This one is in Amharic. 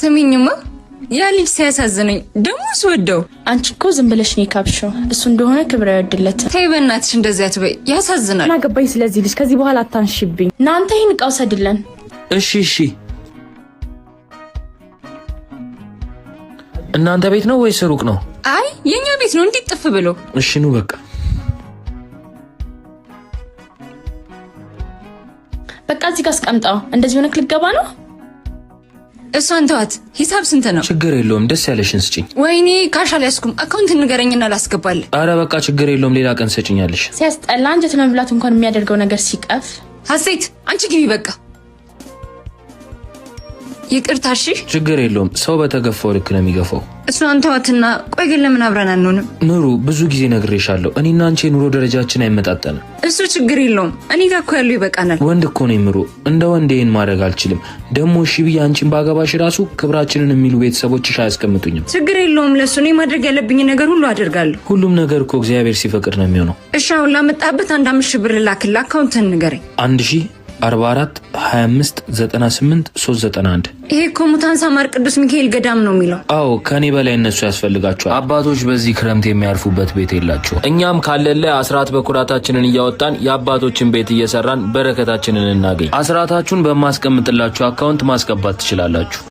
ስሚኝማ ያ ልጅ ሲያሳዝነኝ ደግሞ ስወደው። አንቺ እኮ ዝም ብለሽ ነው የካብሽው። እሱ እንደሆነ ክብረ ያወድለት። ተይ በእናትሽ እንደዚያ ትበይ፣ ያሳዝናል። እና ገባኝ። ስለዚህ ልጅ። ከዚህ በኋላ አታንሽብኝ። እናንተ ይህን እቃ ውሰድለን። እሺ እሺ። እናንተ ቤት ነው ወይስ ሩቅ ነው? አይ የእኛ ቤት ነው። እንዴት ጥፍ ብሎ። እሺ ኑ በቃ በቃ እዚህ ጋር አስቀምጠው። እንደዚህ ሆነክ ልገባ ነው እሷን ተዋት። ሂሳብ ስንት ነው? ችግር የለውም ደስ ያለሽን ስጭኝ። ወይኔ ካሽ አልያዝኩም። አካውንት ንገረኝና ላስገባል። አረ በቃ ችግር የለውም ሌላ ቀን ሰጭኛለሽ። ሲያስጠላ አንጀት ለመብላት እንኳን የሚያደርገው ነገር ሲቀፍ። ሀሴት አንቺ ግቢ በቃ ይቅርታ። እሺ ችግር የለውም ሰው በተገፋው ልክ ነው የሚገፋው። እሷን ተዋትና፣ ቆይ ግን ለምን አብረን አንሆንም? ምሩ ብዙ ጊዜ ነግሬሻለሁ፣ እኔና አንቺ የኑሮ ደረጃችን አይመጣጠንም። እሱ ችግር የለውም እኔ ጋር እኮ ያለው ይበቃናል። ወንድ እኮ ነኝ ምሩ፣ እንደ ወንድ ይህን ማድረግ አልችልም። ደግሞ እሺ ብዬ አንቺን ባገባሽ ራሱ ክብራችንን የሚሉ ቤተሰቦችሽ አያስቀምጡኝም። ችግር የለውም ለሱ፣ እኔ ማድረግ ያለብኝ ነገር ሁሉ አደርጋለሁ። ሁሉም ነገር እኮ እግዚአብሔር ሲፈቅድ ነው የሚሆነው። እሺ አሁን ላመጣበት አንድ አምስት ሺህ ብር ላክላ፣ አካውንትን ንገረኝ። አንድ ሺህ አርባ አራት 2598 ይሄ እኮ ሙታንሳ ማር ቅዱስ ሚካኤል ገዳም ነው የሚለው። አዎ ከኔ በላይ እነሱ ያስፈልጋቸዋል። አባቶች በዚህ ክረምት የሚያርፉበት ቤት የላቸው። እኛም ካለለ ላይ አስራት በኩራታችንን እያወጣን የአባቶችን ቤት እየሰራን በረከታችንን እናገኝ። አስራታችሁን በማስቀምጥላችሁ አካውንት ማስገባት ትችላላችሁ።